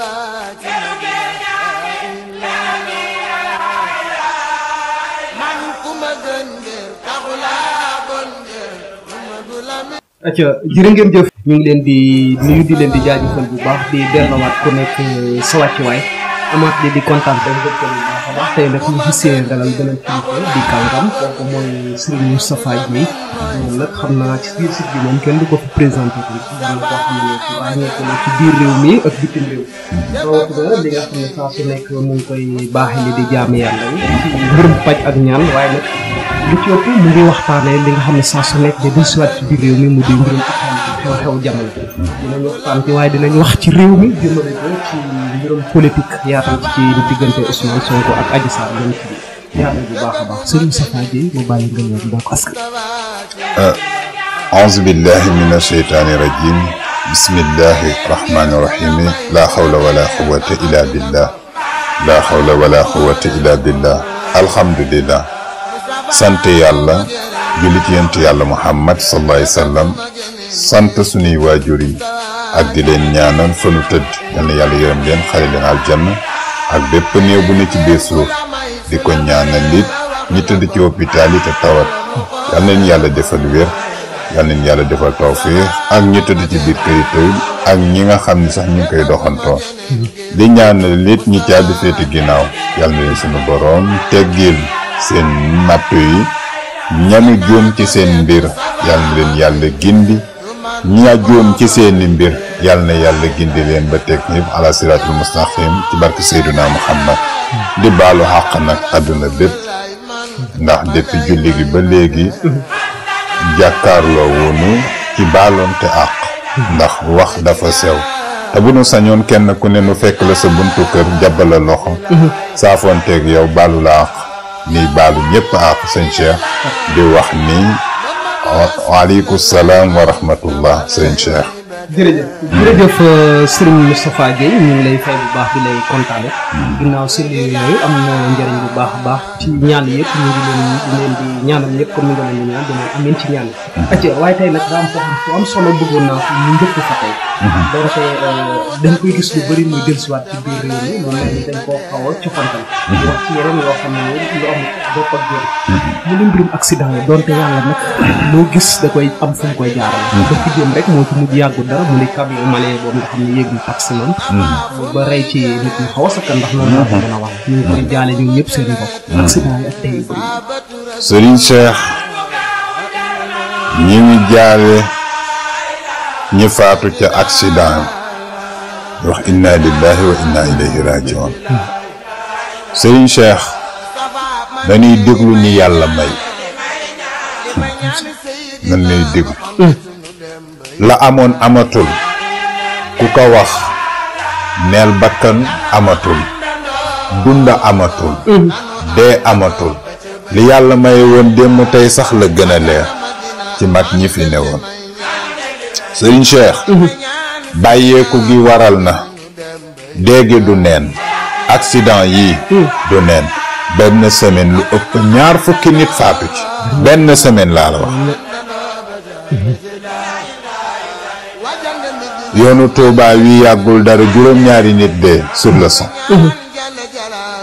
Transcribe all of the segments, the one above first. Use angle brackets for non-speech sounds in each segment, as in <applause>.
acca jërë jëf ñu ngi leen di nuyu di leen di jaajëfal bu baax di delluwaat ku nekk sa wàccuwaay amaat di di kontaan te wax tey nag ñu gisee dalal beneen kilifa di kàngam kooku mooy Serigne Moustapha Dieye moom nag xam naa ci biir site bi moom kenn du ko fi présenté ko daan ko xam ne biir réew mi ak bitim réew rawatina li nga xam saa su nekk mu ngi koy baaxee li di jaam yàlla yi ci mbirum paj ak ñaan waaye nag lu ci mu ngi waxtaanee li nga xam ne saa su nekk da di siwaat ci biir réew mi mu di mbirum xew-xew jamono dinañ waxtaan ci waaye dinañ wax ci réew mi mbirum politique yaatal ci diggante Ousmane Sonko ak Adji Sarr lañ ci yaatal bu baax a baax Serigne Safa Dieye mu bàyyi nga ñëw mbokk askan. Euh, auzu billahi mina shaytaani rajim bismillahi rahmaani rahim laa xawla wala quwwata illa billah laa xawla wala quwwata illa billah alhamdulillah sant yàlla julli ci yent yàlla Muhammad sallallahu alayhi wa sallam sant suñuy waajur yi ak di leen ñaanal sunu tëdd yàlla yërëm leen xare leen aljanna ak bépp néew bu ne ci biir suuf di ko ñaanal it ñi tëdd ci hôpital yi te tawat yal na leen yàlla defal wér yal na leen yàlla defal tawfeex ak ñi tëdd ci biir kër yi ak ñi nga xam ni sax ñu ngi koy doxantoo di ñaanal it ñi caabi féete ginnaaw yàlla na leen sunu boroom teggil seen nattu yi ñanu juum ci seen mbir yal na leen yàlla gindi ni juum ci seeni mbir yàlla na yàlla gindi leen ba teg ñëpp ala siraatul mustaqim ci barke xam Muhammad di baalu xàq nag àdduna bépp ndax depuis julli gi ba léegi jàkkaarloo woonu ci baaloonte àq ndax wax dafa sew te bu nu sañoon kenn ku ne nu fekk la sa buntu kër jàbbala loxo saafoonteeg yow baalu la àq niy baalu ñëpp àq sëñ Cheikh di wax ni waaleykum salaam wa rahmatullah sëñ Cheikh. jërëjëf. jërëjëf euh, Serigne Moustapha ñu ngi lay fay bu baax di lay kontaane. ginnaaw Serigne yooyu am na njëriñ bu baax a baax ci ñaan yëpp ñu ngi ñaan dina ameen ci ñaan yi. am foo xam fu am solo bëggoon naa fi ñu njëkk fa tey. Mhm. Euh, dañ koy gis lu bëri muy dellusiwaat ci biir réew mi lu mel dañ koo xaw a cofantal. Mhm. wax ci yeneen yoo xam ne lu amul. doo mu ne mbirum accident la donte yàlla nag loo gis da koy am fu mu koy jaaral hmm. moo ci mujj yàggu dara mu ne camion malien boobu nga xam ne yéeg na taxi noonu hmm. ba rey ci nit ñu xaw a ndax loolu moo ko mën a wax hmm. ñu ngi koy jaale ñun ñëpp seen mbokk accident ca accident wax inna lillahi wa inna ilayhi rajiun dañuy déglu ni yàlla may nan lay la amoon amatul ku ko wax neel bakkan amatul dunda amatul dee amatul li yàlla may woon démb tey sax la gën a leer ci mag ñi fi ne woon sëriñ Cheikh bàyyeeku gi waral na déggi du neen accident yi du neen benn semaine lu ëpp ñaar fukki nit faatu ci benn semaine laa wax yoonu Touba wi yàggul dara juróom-ñaari nit dee sur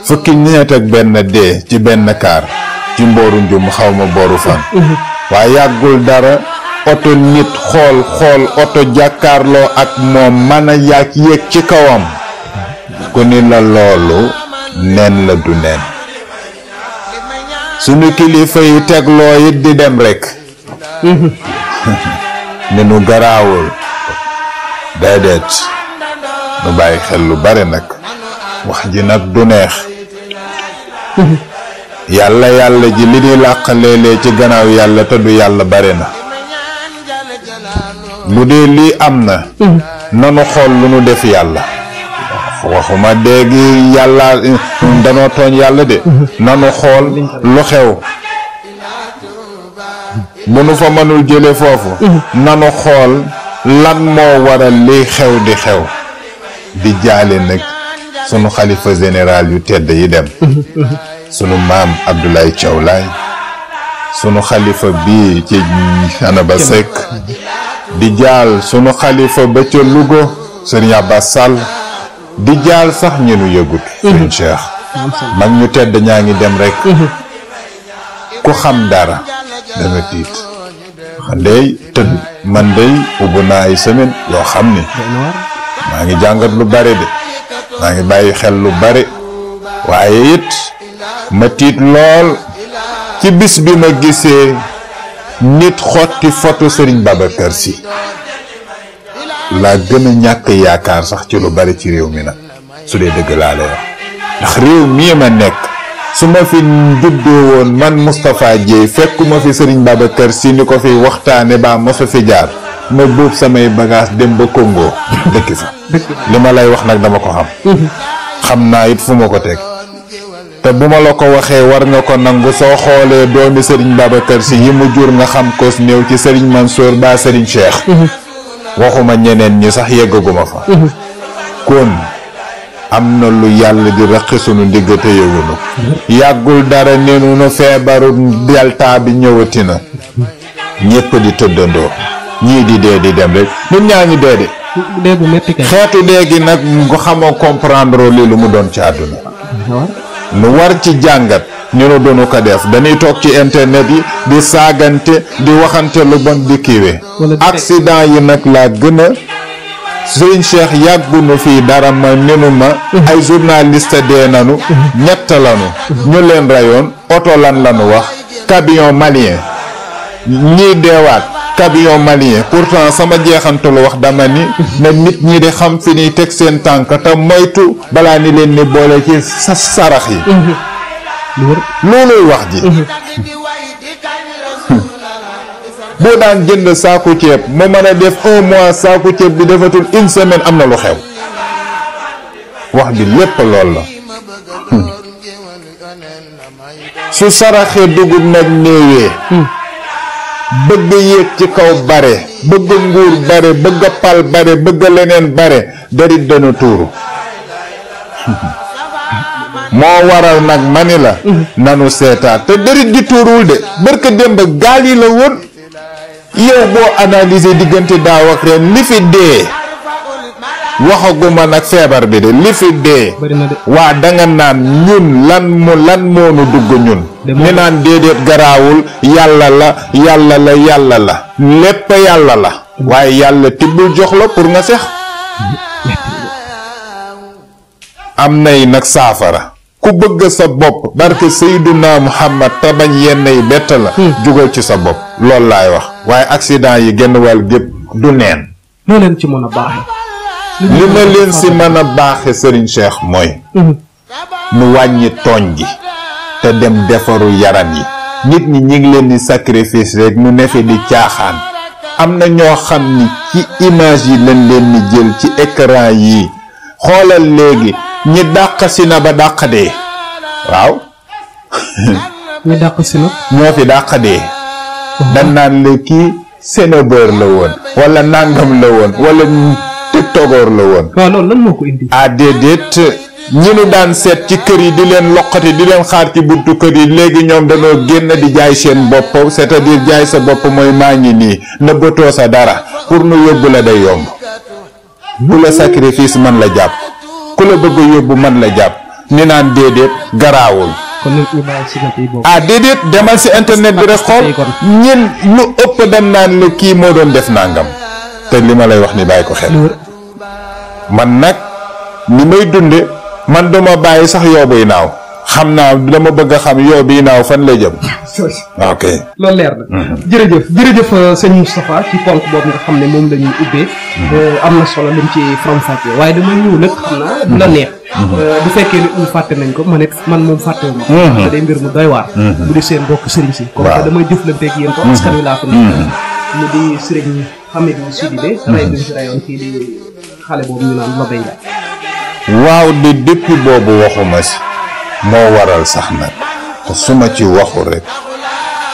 fukki nit ak benn dee ci benn kaar ci mbooru njum xaw ma booru fan waaye yàggul dara oto nit xool xool oto jàkkaarloo ak moom mën a yàgg yéeg ci kawam ku ni la loolu neen la du neen suñu kilifa yi tegloo it di dem rek <laughs> ni nu garaawul déedéet nu bàyyi xel lu bare nag wax ji nag du neex <laughs> yàlla yàlla ji li ñuy làq léeg ci gannaaw yàlla te du yàlla bare na bu dee lii am na <laughs> nanu xool lu nu def yàlla waxuma dégg yàlla danoo tooñ yàlla de nanu xool lu xew bu nu fa mënul jële foofu nanu xool lan moo waral liy xew di xew di jaale nag sunu xalifa général yu tedd yi dem sunu maam Abdoulaye Thiaw sunu xalifa bi ci Anaba di jaal sunu xalifa ba ca Louga sëriñ Abbas Sall di jaal sax ñu nu yëgut mhm. suñ cheikh mag ñu tedd ñaa ngi dem rek mhm. ku xam dara da nga tiit man day tëdd man day ubbi naa ay semaine yoo xam ni maa ngi jàngat lu bare de maa ngi bàyyi xel lu bare waaye it ma tiit lool ci bis bi ma gisee nit xotti foto Serigne Babacar Sy laa gën a ñàkk yaakaar sax ci lu bari ci réew mi nag su dee dëgg laa lay wax ndax réew mii ma nekk su ma fi juddoo woon man Moustapha Dieye fekkuma fi Serigne Babacar si ni ko fi waxtaane baa mosu fi jaar ma boob samay bagage dem ba Congo dëkki fa li ma lay wax nag dama ko xam xam naa it fu ma ko teg te bu ma la ko waxee war nga ko nangu soo xoolee doomi Serigne Babacar Sy yi mu jur nga xam ko néew ci sëriñ Mansour ba Serigne Cheikh waxuma ñeneen ñi sax yeggaguma fa mhm. kon am na lu yàlla di rëqi sunu ndigg te yàggul dara ni nu feebaru delta bi ñëwati na ñépp di tëddandoo ñii di dee di dem rek ñun ñaa ngi dee de déegu métti kay nag nga xamoo comprendre li lu mu doon ci àdduna. nu war ci jàngat. ñu ne duñu ko def dañuy toog ci internet yi di saagante di waxante lu bon di kiiwee accident yi nag laa gën a Sëriñ yàggunu fii dara ma nenu ma mhm. ay journaliste dee nanu mhm. ñett lanu mhm. ñu leen rayoon oto lanu wax camion malien ñii deewaat camion malien pourtant sama jeexantalu wax dama ni ne nit ñi di xam fi ñuy teg seen tànk te moytu balaa ni leen ni boole ci sarax yi loolooy wax ji mhm. <laughs> boo daan jënd saaku ceeb ma mën a def un mois saaku ceeb bi defatul une am na lu xew wax bi lépp lool la hmm. su saraxee dugub nag néewee hmm. bëgg yéeg ci kaw bare bëgg nguur bare bëgg pal bare bëgg leneen bare darit dana tuuru <laughs> moo waral nag mani la mhm. nanu seetaan te dërit gi tuuruwul de barka démb gaal yi la woon yow boo analyser diggante daaw ak ren li fi dee waxaguma nag feebar bi de li fi dee waa danga naan ñun lan mu lan moonu dugg ñun ni naan déedéet garaawul yàlla la yàlla la yàlla la lépp yàlla la waaye yàlla tibbul jox la pour nga sex mhm. am nay nag saafara ku bëgg sa bopp barke Seyduna Muhammad te bañ yenn yi bett la hmm. jugal ci sa bopp loolu laay wax waaye accident yi genn wàll gépp du neen noo leen ci mën a li ma leen si mën a baaxe Serigne Cheikh mooy hmm. nu wàññi tooñ gi te dem defaru yaram yi nit ñi ñi ngi leen di sacrifice rek nu nefe di caaxaan am na ñoo xam ni ci image yi lañ leen di jël ci écran yi xoolal léegi ñi dàq si na ba dàq dee waaw. ñu dàq si nag. ñoo fi dàq dee. dañ naan la la woon. walla nangam la woon wala tiktokeur la woon. waaw loolu lan moo ah, nu daan seet ci kër yi di leen loqati di leen xaar ci buntu kër yi léegi ñoom dañoo génn di jaay seen bopp cest à jaay sa bopp mooy maa ngi nii nëbbatoo sa dara pour nu yóbbu la day yomb. bu la sacrifice man la jàpp ku la bëgg a yóbbu man la jàpp. ni naan déedéet garaawul. ah déedéet demal si internet bi rek xool ñin lu ëpp dañ naan la kii moo doon def nangam. te li ma lay wax ni bàyyi ko xel. man nag ni may dunde man duma bàyyi sax yoobuy naaw. xam naa dama bëgg a xam yow bii naaw fan la jëm. Ah, ok loolu leer na. Mhm. jërëjëf jërëjëf euh, sëñ Moustapha ci ponk boobu nga xam ne moom lañuy ñuy ubbee. Mhm. Euh, am na solo lim ci faram waaye dama ñëw nag xam naa la mhm. neex. Euh, bu fekkee ne um fàtte nañ ko man it man moom fàtte wu ma. te day mbir mu doy waar. bu di seen bokk sëriñ si. waaw comme que damay jëflanteeg yéen ko askan wi laa ko nekk. mu di sëriñ Hamidou Sidibé. ray bi ñu si rayoon kii di xale boobu ñu naan Lobé Ndiaye. waaw di moo waral sax nag te su ma ci waxul rekk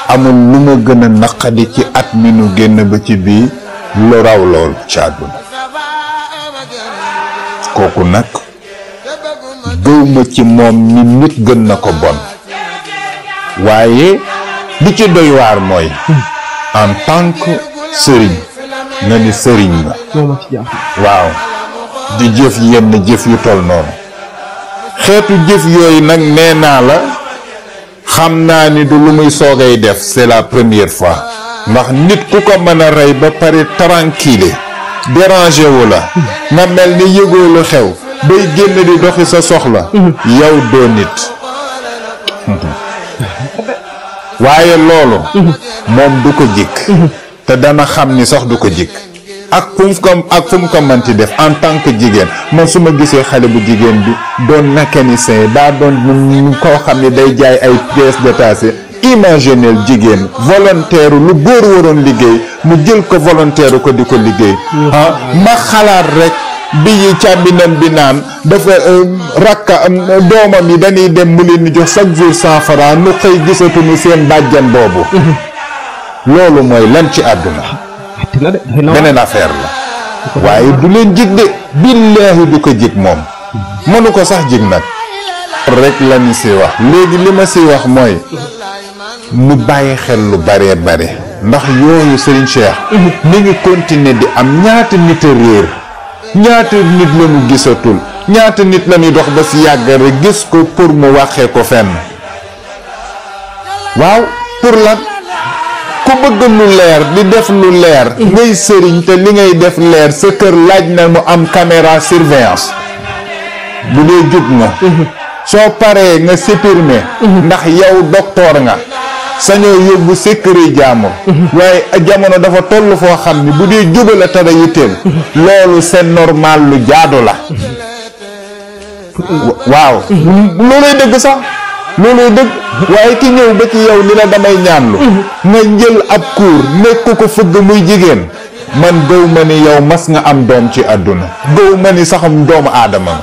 amul lu ma gën a naqadi ci at mi nu génn ba ci bii lu raw lool ci àdduna kooku nag gëwma ci moom ni nit gën na ko bon waaye li ci doy waar mooy en tant sëriñ nga ni sëriñ nga waaw di jëf yenn jëf yu toll noonu xeetu jëf yooyu nag nee naa la xam naa ni du lu muy soogay def c'est la première fois ndax nit ku ko mën a rey ba pare tranquille dérangé la nga mel ni yëgoo lu xew bay génn di doxi sa soxla yow doo nit waaye loolu moom du ko jikk te dana xam ni sax du ko jikk ak fu mu ko ak fu mu ko def en tant que jigéen man su ma gisee xale bu jigéen bi doon mécanicien daa doon mu koo xam ni day jaay ay pièces détachées imaginel jigéen volontaire lu góor waroon liggéey mu jël ko volontaire ko di ko liggéey ah, ah ma xalaat rek bi yi càmbinan bi naan dafa euh, rakka doomam yi dañuy dem mu leen di jox chaque jour cent francs nu xëy gisatuñu seen bàjjan boobu mm-hmm. loolu mooy lan ci àdduna metti la affaire la. waaye du leen jig de. billaahi du ko jig moom. mënu ko sax jig nag. rek la ñu si wax. léegi li ma si wax mooy. nu bàyyi xel lu baree bare. ndax yooyu Serigne Cheikh. ni ngi continuer di am ñaata nit a réer. ñaata nit la gisatul. ñaata nit la ñuy dox ba ci yàgg rek gis ko pour mu waxee ko fenn. waaw pour lan. ku bëgg lu leer di def lu leer ngay sëriñ te li ngay def leer sa kër laaj na mu am caméra surveillance bu dee jub nga soo paree nga supprimer ndax yow docteur nga sañoo yóbbu sékkëri jaamur waaye jamono dafa toll foo xam ni bu dee jubal a tara yitteel loolu c'est normal lu jaadu la waaw mm-hmm. loolay dëgg sax looloo dëgg waaye ki ñëw ba ci yow li la damay ñaanlu mhm. nga jël ab kuur nekk ko fëgg muy jigéen man gëw ma ni yow mas nga am doom ci àdduna gëw ma ni saxum doomu aadama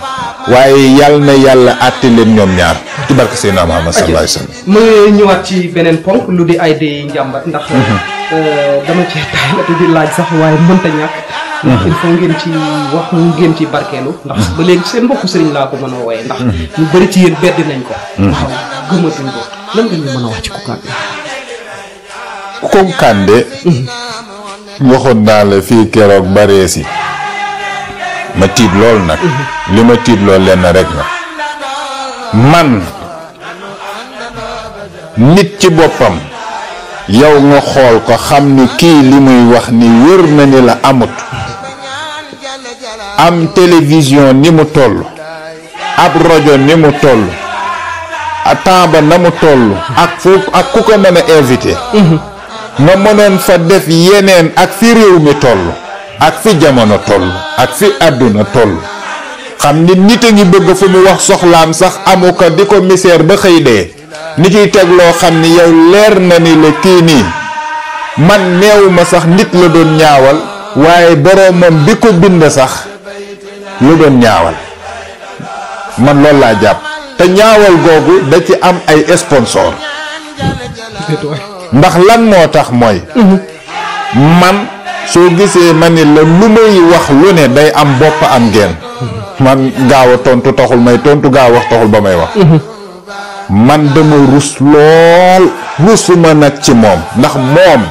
waaye yàll na yàlla àtte leen ñoom ñaar ci barke Seydina Muhammad sallallahu alayhi wasallam mu ñëwaat ci beneen ponk lu di ay di njàmbat ndax mhm. euh, dama ci taalatu di laaj sax waaye mënta ñàkk ndax mhm. il faut ngeen ci wax ngeen ci barkeelu ndax ba léegi seen mbokku sëriñ laa ko mën a wooye ndax mhm. ñu bëri ci yéen bedd nañ ko waaw gëmatuñ ko lan nga ñu mën a wax ci Kounkandé Kounkandé waxoon naa la fii keroog barees ma tiib lool nag li ma tiit lool lenn rek la man nit ci boppam yow nga xool ko xam ni kii li muy wax ni wër na ni la amut am télévision ni mu toll ab rajo ni mu toll temps ba na mu toll ak foofu ak ku ko mën invité mhm. nga mënoon fa def yeneen ak fi réew mi toll ak fi jamono toll ak fi àdduna toll xam ni nit a ngi bëgg fu mu wax soxlaam sax amu ko di ko misère ba xëy dee ni ciy teg loo xam ni yow leer na ni la kii nii man neewu sax nit la doon ñaawal waaye boroomam bi ko bind sax la doon ñaawal man loolu laa jàpp te ñaawal googu da ci am ay sponsor ndax lan moo tax mooy mhm. man soo gisee ma ni la lu may wax lu ne day am bopp am geen man gaaw a tontu taxul may tontu gaaw wax taxul ba may wax man dama rus lool rusuma nag ci moom ndax moom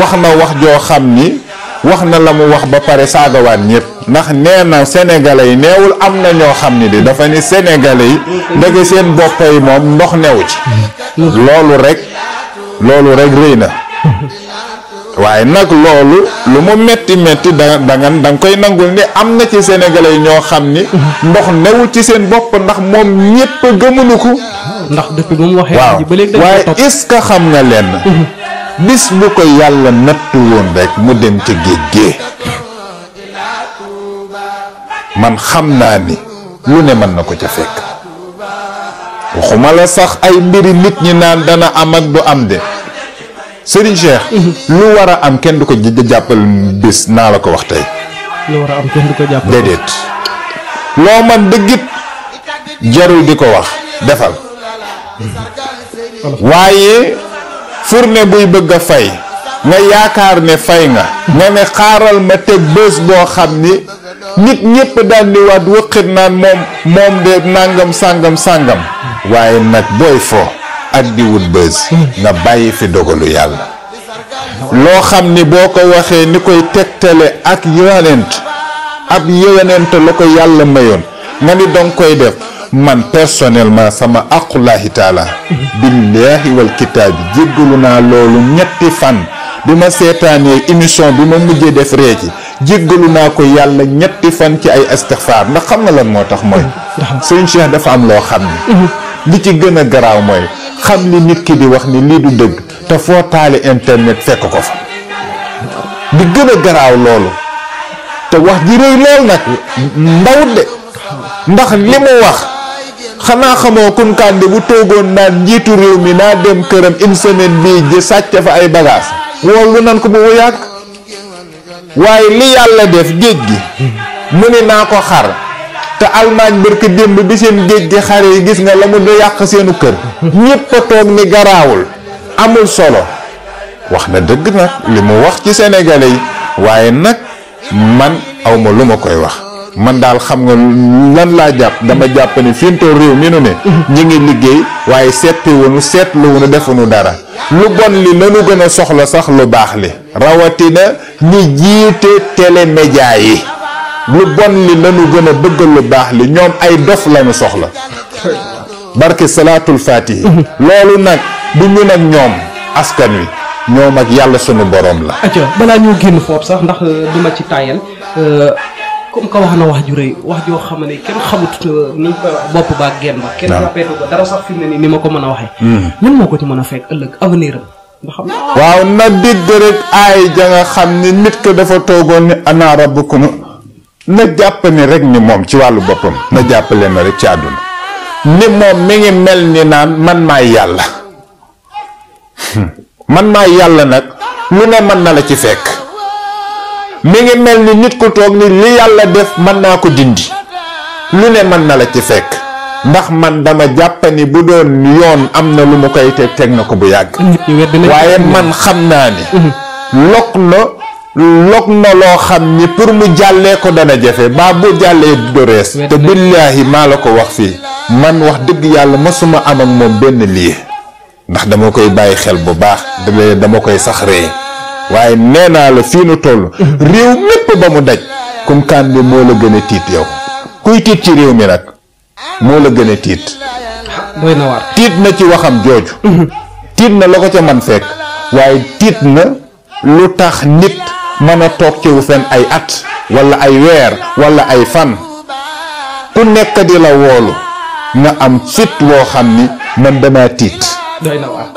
wax na wax joo xam ni wax na la mu wax ba pare saagawaan ñépp ndax nee na sénégalais yi neewul am na ñoo xam ni di dafa ni sénégalais yi ndege seen bopp yi moom ndox newu ci loolu rek loolu rek rëy na waaye nag loolu lu mu metti metti da da nga koy nangu ni am na ci sénégalais ñoo xam ni. ndox newul ci seen bopp ndax moom ñépp gëmuñu ko. ndax depuis waaw waaye est-ce xam nga lenn. Mhm. bis bu ko yàlla nattu woon rek mu dem ca géej gee man xam naa ni lu ne mën na ko ca fekk waxuma la sax ay mbiri nit ñi naan dana am ak du am de. Serigne Cheikh. lu war a am kenn du ko jàppal bés naa la ko wax tey. lu war ko jàppal déedéet. loo man dëggit jarul di ko wax defal. Hmm. waaye fourne buy bëgg a fay. nga yaakaar ne fay nga. nga ne xaaral ma teg bés boo xam ni. nit ñëpp daal di waat wëqit naan moom moom de nangam sangam sangam. Hmm. waaye nag booy foo. ak di wut bës bàyyi fi dogalu yàlla loo xam ni boo ko waxee ni koy tegtale ak yonent ak yonent la ko yàlla mayoon nga ni dong koy def man personnellement sama aqullaahi taala billaahi wal kitaabi jéggalu naa loolu ñetti fan bi ma seetaanee émission bi ma mujjee def reeci jéggalu naa ko yàlla ñetti fan ci ay istixfaar ndax xam nga lan moo tax mooy sëñ Cheikh dafa am loo xam ni mhm. li ci gën garaaw mooy xam li nit ki di wax ni lii du dëgg te foo taali internet fekk ko fa di gën a garaaw loolu te wax ji rëy lool nag ndawut de ndax li mu wax xanaa xamoo kunkande bu toogoon naan njiitu réew mi naa dem këram une bii ji sàcc fa ay bagage woolu nan ko bu yàgg waaye li yàlla def géej gi mu ne naa ko xar te Allemagne barka démb bi seen géej gi xare yi gis nga la mu da yàq seenu kër ñépp a toog ni garaawul amul solo wax na dëgg nag li mu wax ci sénégalais yi waaye nag man awma lu ma koy wax man daal xam nga lan laa jàpp dama jàpp ne fintool réew mi nu ne ñi ngi liggéey waaye seet settiwunu seetluwunu defuñu dara lu bon li lanu gën a soxla sax lu baax li rawatina ñi jiite télémédia yi lu bon li lañu gën a bëggal lu baax li ñoom ay dof lañu soxla barke salaatul faatihi loolu nag du ñun ak ñoom askan wi ñoom ak yàlla sunu borom la acca balaa ñu génn foofu sax ndax euh, duma ci tàyyal euh, comme que wax na wax ju rëy wax joo xam ne kenn xamut euh, ni bopp baa genn ba kenn jàppeetu ko dara sax fi mu ne nii ni ma ko mën a waxe ñun hmm. moo ko ci mën a fekk ëllëg avenir am waaw xam ni nit ko dafa toogoon ni ana rabbukum na jàpp ne rek ni moom ci wàllu boppam na jàppale na rek ci àdduna ni moom mi ngi mel ni naan man maay yàlla hmm. man maay yàlla nag lu ne mën na la ci fekk mi ngi mel ni nit ku toog ni li yàlla def mën naa ko dindi lu ne mën na la ci fekk ndax man dama jàpp ni bu doon yoon am na lu mu koy teg teg na ko bu yàgg waaye man xam naa ni hmm. lokk na log na loo xam ni pour mu jàllee ko dana jafe baa bu jàllee du rees te billaahi maa la ko wax fii man wax dëgg yàlla masuma am ak moom benn lii ndax dama koy bàyyi xel bu baax dama koy sax ree waaye nee naa la fii nu toll <laughs> réew mépp ba mu daj kumkaan bi moo la gën a tiit yow kuy tiit ci réew mi nag moo la gën a tiit tiit na ci waxam jooju <laughs> tiit na la ko ca man fekk waaye tiit na lu tax nit mën a toog ci wu fen ay at wala ay weer wala ay fan ku nekk di la woolu nga am fit woo xam ni man damaa tiit. doy na waar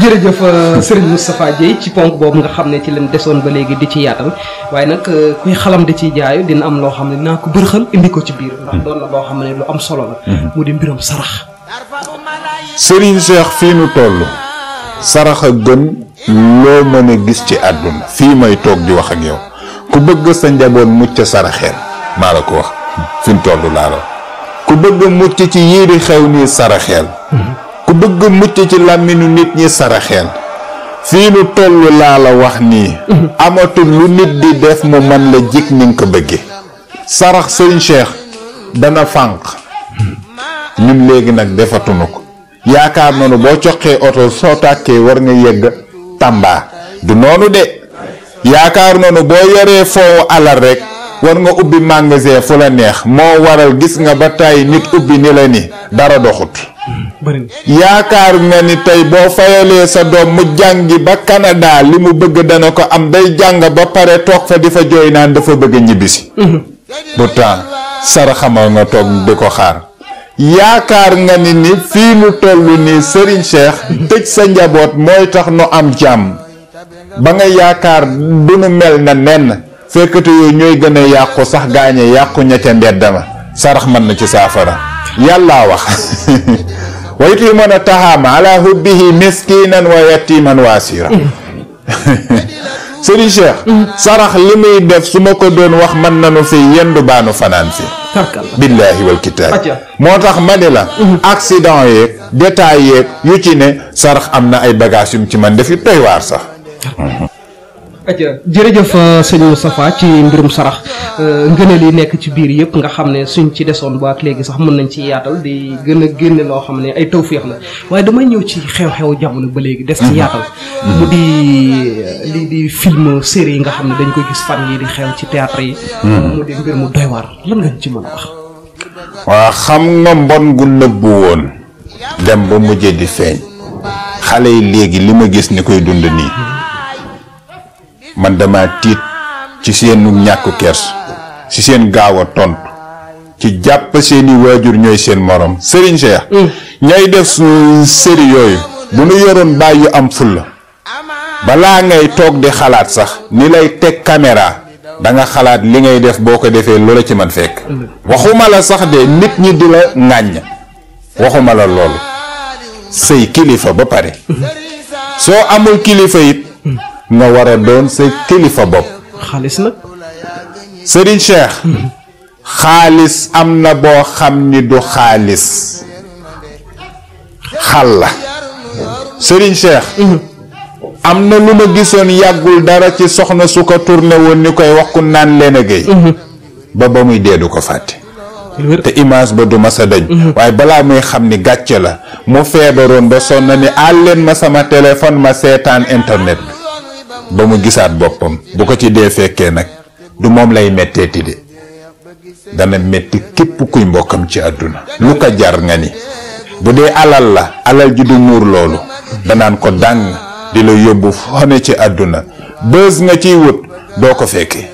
jërëjëf euh, Serigne Moustapha Dieye ci ponk boobu nga xam ne ci leen desoon ba léegi di ci yaatal waaye nag euh, kuy xalam di ci jaayu dina am loo xam ne naa ko bërxal indi ko ci biir ndax doon na loo xam ne lu am solo la. Mhm. mu di mbiram sarax. Serigne Cheikh fii nu toll. sarax a gën. loo mën gis ci àdduna fii may toog di wax ak yow ku bëgg sa njaboot mucc saraxeel maa la ko wax fi mu toll laa la ku bëgg mucc ci yii di xew nii saraxeel ku bëgg mucc ci làmminu nit ñi saraxeel fii nu toll laa la wax nii amatul lu nit di def mu man la jik ni nga ko bëggee sarax sëñ Cheikh dana fànq ñun léegi nag defatuñu ko yaakaar na nañu boo coqee oto soo tàkkee war nga yegg Tamba du noonu de yaakaar noonu boo yoree foowu alal rek war nga ubbi magasin fu la neex moo waral gis nga ba tey nit ubbi ni la ni dara doxut yaakaar nga ni tey boo fayalee sa doom mu jàngi ba Canada li mu bëgg dana ko am day jàng ba pare toog fa di fa jooy naan dafa bëgg ñibbisi mm-hmm. pourtant saraxamal nga toog di ko xaar yaakaar nga ni ni fii nu toll nii Serigne Cheikh tëj sa njaboot mooy tax nu am ci jàmm ba nga yaakaar du nu mel na nenn fekkate yooyu ñooy gën a yàqu sax gaañe yàqu ña ca mbedd ma sarax mën na ci saafara yàllaa wax <laughs> wa yutimoon a taxaama ala hubbihi miskinan wa yatiman waasira <laughs> Serigne Cheikh mm. sarax li muy def su ma ko doon wax mën nanu fi yendu baanu fanaan fi billaahi wal kitaab moo tax ma ne la mhm. accident yeeg détail yeeg yu ci ne sarax am na ay bagage yum ci man def yu doy waar sax jërëjëf euh, sëñ Moustapha ci mbirum sarax euh, ngëneel yi nekk ci biir yëpp nga xam ne suñ ci desoon ba ak léegi sax mën nañ ci yaatal di gën a génne loo xam ne ay tawféex na waaye damay ñëw ci xew-xew jamono ba léegi des ci mhm. yaatal mu di euh, lii di film série yi nga xam ne dañ ko gis fan yi di xew ci théâtre yi mhm. mu di mbir mu doy waar lan nga ci mën a wax waa xam nga mbon gu nëbbu woon dem ba mujjee di feeñ xale yi léegi li ma gis ni koy dund nii man dama tiit ci seen ñàkku kers ci seen gaaw a tontu ci jàpp seeni waajur ñooy seen morom sëriñ Cheikh mm. ñay def sëri yooyu bu nu yoroon bàyyi am fulla balaa ngay toog di xalaat sax ni lay teg caméra danga xalaat li ngay def boo ko defee loola ci man fekk waxuma la sax de nit ñi di la ŋàññ waxuma la loolu say kilifa ba pare mm. soo amul kilifa it mm. nga war kilifa bopp. xaalis am na boo xam ni du xaalis. xal la. Serigne Cheikh. am na lu ma gisoon yàggul dara ci soxna su ko tourné woon ni koy wax ku naan leen a géey mhm. ba ba muy dee du ko fàtte te image ba du ma sa dañ mhm. waaye balaa muy xam ni gàcce la mu feebaroon ba sonn ni àlleen ma sama téléphone ma seetaan internet ba mu gisaat boppam bu ko ci dee fekkee nag du moom lay metteeti de dana metti képp kuy mbokkam ci àdduna lu ko jar nga ni bu dee alal la alal ji du muur loolu danaan ko dàng di la yóbbu fone ci àdduna bës nga ciy wut doo ko fekke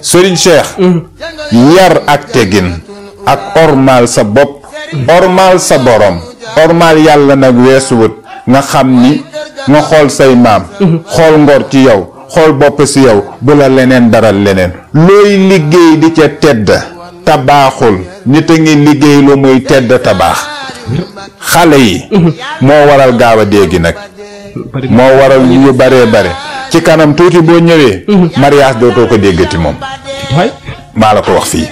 soriñ Cheikh yar ak tegin ak ormal sa bopp ormal sa borom ormal yàlla nag weesuwut nga xam ni nga xool say maam mhm. xool ngor ci yow xool bopp si yow bu la leneen dara leneen looy liggéey di ca tedd tabaaxul nit a ngi liggéey lu muy tedd tabaax xale yi mhm. moo waral gaaw a déegi nag moo waral yu bare bare ci kanam tuuti boo ñëwee mhm. mariage dootoo ko déggati moom maa la ko wax fii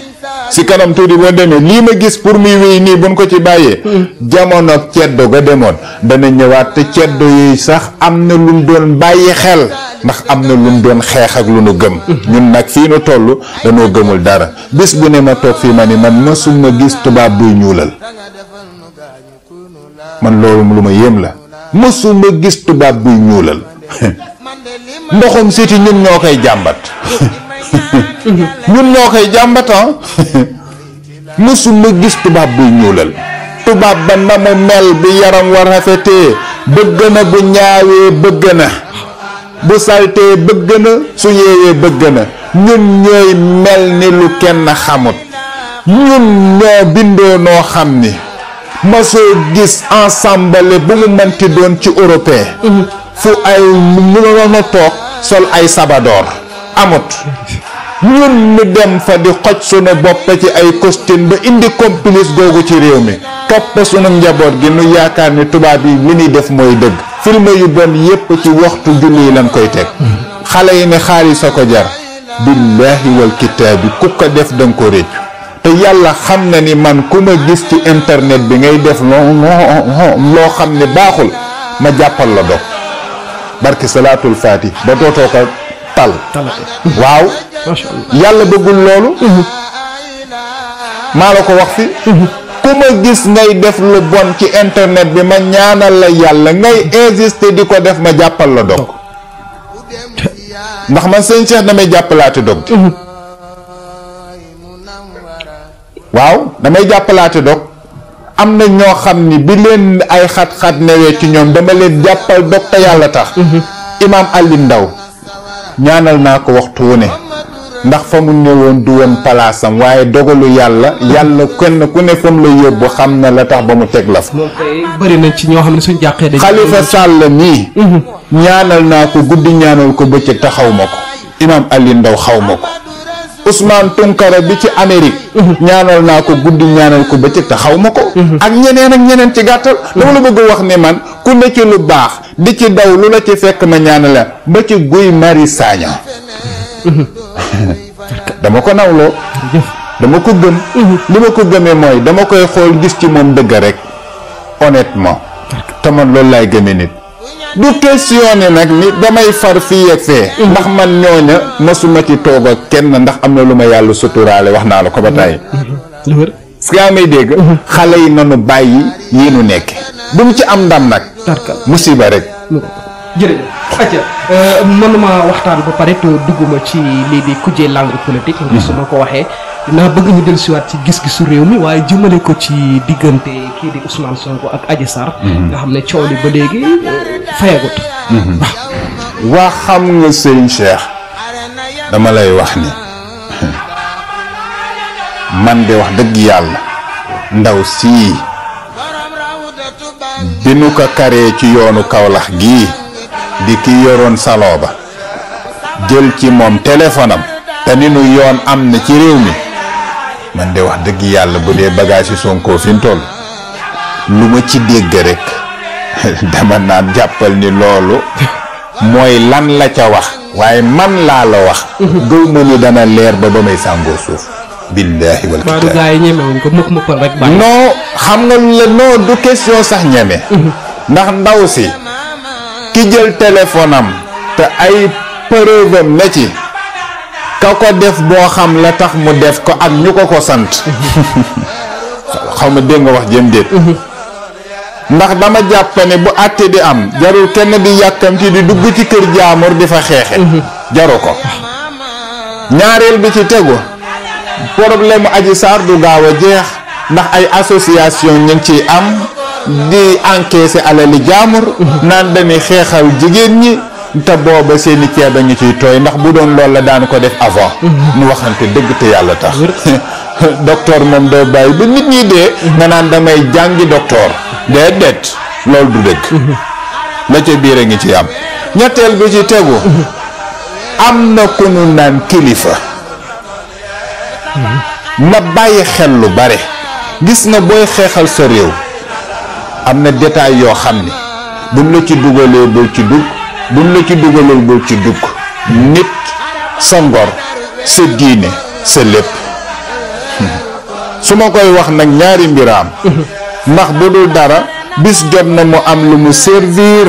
si kanam tuuti boo demee lii ma gis pour muy wéy nii buñ ko ci bàyyee jamonoog ceddo ga demoon dana ñëwaat te ceddo yi sax am na lu mu doon bàyyi xel ndax am na lu mu doon xeex ak lu nu gëm ñun nag fii nu toll danoo gëmul dara bés bu ne ma toog fii ma ni man mësuma gis tubaab buy ñuulal man loolu lu ma yéem la mësuma gis tubaab buy ñuulal <laughs> ndoxum siti ñun ñoo koy jàmbat <laughs> <laughs> ñun ñoo koy jàmbatan ah. <laughs> mësuma gis tubaab buy ñuulal tubaab ba na mu mel bi yaram war rafetee bëgg na bu ñaawee bëgg na bu saltee bëgg na su yeewee bëgg na ñun ñooy mel ni lu kenn xamut ñun ñoo bindoo noo xam ni masoo gis ensemble bu mu mënti doon ci européen mm-hmm. fu ay mu mënoon a toog sol ay sabadoor amut ñun ñu dem fa di xoj sunu bopp ci ay costume ba indi complice googu ci réew mi topp sunu njaboot gi nu yaakaar ni tubaab yi li ñuy def mooy dëgg film yu bon yépp ci waxtu julli yi lañ koy teg xale yi ne xaalis a ko jar billaahi wal kitaab bi ku ko def danga ko réccu te yàlla xam na ni man ku ma gis ci internet bi ngay def loo loo xam ne baaxul ma jàppal la dog barki salaatul faati ba dootoo ko tàll waaw yàlla bëggul loolu mhm. maa la ko wax fi mhm. ku ma gis ngay def lu bon ci internet bi ma ñaanal la yàlla ngay insister di ko def ma jàppal la dog ndax man sëñ Cheikh damay jàppalaate dog mhm. waaw damay jàppalaate dog am na ñoo xam ni bi leen ay xat-xat newee ci ñoom dama leen jàppal dog te yàlla tax imaam Ali Ndaw ñaanal naa ko waxtu wu ne ndax fa mu ne woon du woon palaasam waaye dogalu yàlla yàlla kenn ku ne fa mu la yóbbu xam na la tax ba mu teg la fa. bëri na ci ñoo xam ne suñu jàqee dañuy xalifa Sall mii. Mhm. ñaanal naa ko guddi ñaanal ko bëccëg te xaw ko. imaam Ali Ndaw xaw ko. Ousmane Tounkara bi ci Amérique ñaanal naa ko guddi ñaanal ko ba te xaw ma ko ak ñeneen ak ñeneen ci gàttal dama la bëgg wax ne man ku ne ci lu baax di ci daw lu la ci fekk ma ñaana la ba ci Guy Marius Sagna <laughs> dama ko nawloo dama ko gëm li ma ko gëmee mooy dama koy xool gis ci moom dëgg rek honnêtement te man loolu laay gëmee nit du questionné nag ni damay far fii ak fee ndax man ñooña masuma ci toog ak kenn ndax am na lu ma yàlla suturaale wax naa la ko ba tàyyi parce que may dégg xale yi nanu bàyyi yi nu nekk mu ci am ndam nag musiba rek jërëjëf acca euh, mënuma waxtaan ba pare te dugguma ci lii di kujjee langue politique nga su ma ko waxee naa bëgg ñu dellu siwaat ci gis gi su réew mi waaye jëmale ko ci diggante kii di Ousmane Sonko ak Adji nga xam ne coow li ba léegi euh, fayagut mhm. waaw waa xam nga sëriñ Cheikh dama lay wax ni man de wax dëgg yàlla ndaw sii bi nu ko karee ci yoonu Kawlax gii di ki yoroon saloo ba jël ci moom téléphone am te ni nu yoon am na ci réew mi man de wax dëgg yàlla bu dee bagage yi Sonko fi mu lu ma ci dégg rek <laughs> dama naan jàppal ni loolu mooy lan la ca wax waaye man laa la wax gëw ma ni dana leer ba ba may sàngoo suuf billaahi ko mukk mukk rek xam nga la non du question sax ñeme mhm. ndax ndaw si ki jël téléphone te ay preuve am na ci ka ko def boo xam la tax mu def ko ak ñu ko ko sant mhm. <laughs> xaw dégg nga wax jëm déet mhm. ndax dama jàpp ne bu àtte di am jarul kenn di yàkkamti di dugg ci kër jaamur di fa xeexe mhm. jaru ko ñaareel bi ci tegu problème aji saar du gaaw a jeex ndax ay association ñu ngi ciy am di encaisser alali jaamur mhm. naan dañuy xeexal jigéen ñi te booba seeni ceeb a ngi ciy tooy ndax bu doon loolu la daan ko def avant nu mhm. waxante dëgg te yàlla tax <laughs> <laughs> docteur moom doo bàyyi ba nit ñi dee nga naan damay jàngi docteur déedéet loolu du dëgg <laughs> la ca biir a ngi ci am ñetteel bi ci tegu <laughs> am na ku ñu naan kilifa hmm. na bàyyi xel lu bare gis nga booy xeexal sa réew am na détail yoo xam ni mu la ci dugalee bul ci dugg buñ la ci dugalul bul ci dugg nit sa ngor sa diine sa lépp su ma koy wax nag ñaari mbiraam ndax bu dul dara bis jot na mu am lu mu servir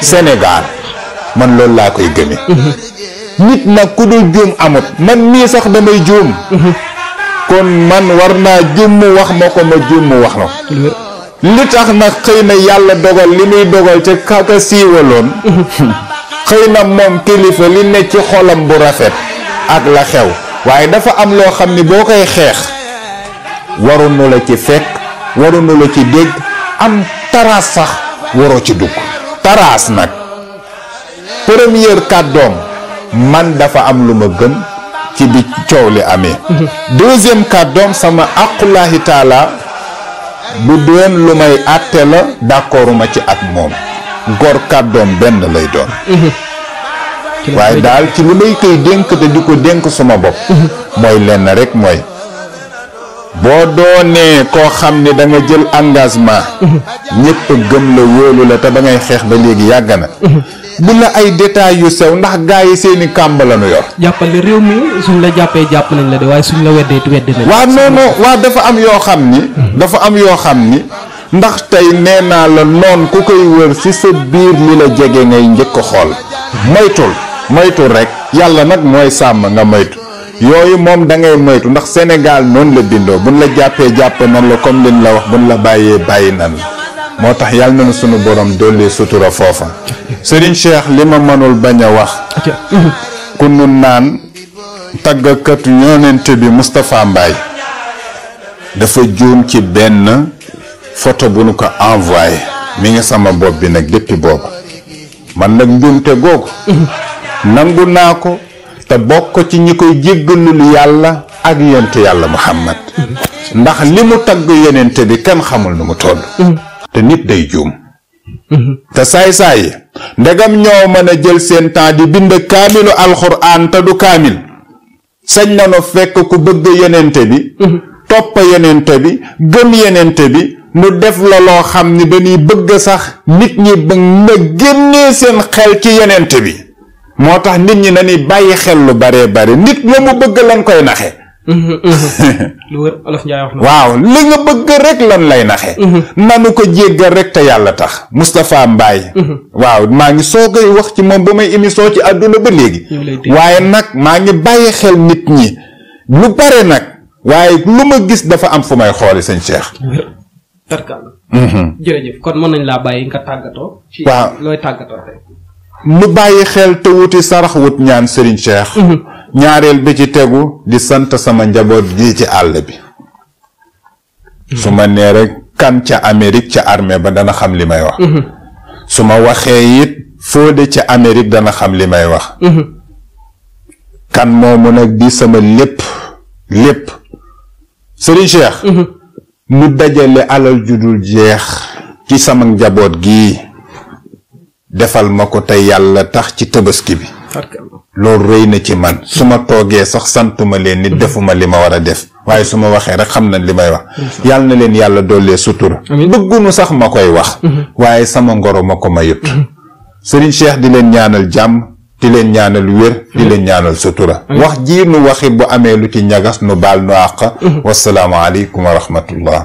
Sénégal man loolu laa koy gëme nit nag ku dul juum amut man mii sax damay juum kon man war naa juum wax ma ko ma juum wax ma li tax nag xëy na yàlla dogal li muy dogal ca kaka siiwaloon xëy na moom kilifa li ne ci xolam bu rafet ak la xew waaye dafa am loo xam ni boo koy xeex waroon na la ci fekk waroon na la ci dégg am taraas sax waroo ci dugg taraas nag première kàddoom man dafa am lu ma gën ci bi coow li amee <laughs> deuxième kàddoom sama aqullahi taala bu doon lu may àtte la d'accorduma ci ak moom gor kàddoom benn lay doon <laughs> waaye daal ci lu may koy dénk te di ko dénk suma bopp <laughs> mooy lenn rek mooy boo doonee koo xam ni da nga jël engagement ñëpp gëm la wóolu la te ba ngay xeex ba léegi yàgg na bu la ay détails yu sew ndax gaa yi seeni kàmb la nu yor réew mi suñ la jàppee jàpp nañ la de waaye suñ la weddee weddi nañ waaw non waa waaw dafa am yoo xam ni dafa am yoo xam ni ndax tey nee naa la noon ku koy wër ci sa biir li la jege ngay njëkk xool moytul moytul rek yàlla nag mooy sàmm nga moytu yooyu moom da ngay moytu ndax Sénégal noonu la bindoo buñ la jàppee jàpp nan la comme liñ la wax buñ la bàyyee bàyyi na la moo tax yàlla na sunu borom dolli sutura foofa sëriñ Cheikh li ma mënul bañ a wax ku nu naan tàggakatu yonent bi mustafaa Mbaye dafa juum ci benn photo bu nu ko envoyé mi ngi sama bopp bi nag depuis boobu man nag njuumte googu mhm. nangu naa ko te bokk ci ñi koy jéggalul yàlla ak yonent yàlla muhammad ndax li mu tagg yonent bi kenn xamul nu mu toll te nit day juum te saay-saay yi ndegam ñoo mën a jël seen temps di bind kaamilu alxuraan te du kaamil sañ nanu fekk ku bëgg yonent bi topp yenent bi gëm yenent bi nu def la loo xam ni dañuy bëgg sax nit ñi bëgg na génnee seen xel ci yonent bi moo tax nit ñi na ni bàyyi xel lu baree bari nit la mu bëgg lan koy naxe mm-hmm, mm-hmm. <laughs> waaw li nga bëgg rek lan lay naxe mm-hmm. nanu ko jéggal rek te yàlla tax Moustapha Mbaye waaw maa ngi soo koy wax ci moom ba may émission ci àdduna ba léegi waaye nag maa ngi bàyyi xel nit ñi lu bare nag waaye lu ma gis dafa am fu may xooli sëñ Cheikh tarkaal jërëjëf kon mën nañ laa bàyyi nga tàggatoo nu bàyyi xel te wuti sarax wut ñaan Serigne Cheikh. Mhm. ñaareel bi ci tegu di sant sama njaboot gi ci àll bi. Mhm. su ma nee kan ca amerig ca armée ba dana xam li may wax. Mhm. su ma waxee it Fodé ca Amérique dana xam li may wax. kan moomu nag di sama lépp lépp Serigne Cheikh. nu dajale alal ju dul jeex ci sama njaboot gii defal ma ko te yàlla tax ci tabaski bi loolu rëy na ci man su ma toogee sax santuma leen ni defuma li ma war a def waaye su ma waxee rek xam nañ li may wax yàlla na leen yàlla dollee sutura bëggunu sax ma koy wax mhm. waaye sama ngoro ma ko ma yut mhm. sëriñ Cheikh di leen ñaanal jàmm di leen ñaanal wér di leen ñaanal sutura wax jii nu waxi bu amee lu ci ñagas nu baal nu àq mhm. wasalaamu aleykum wa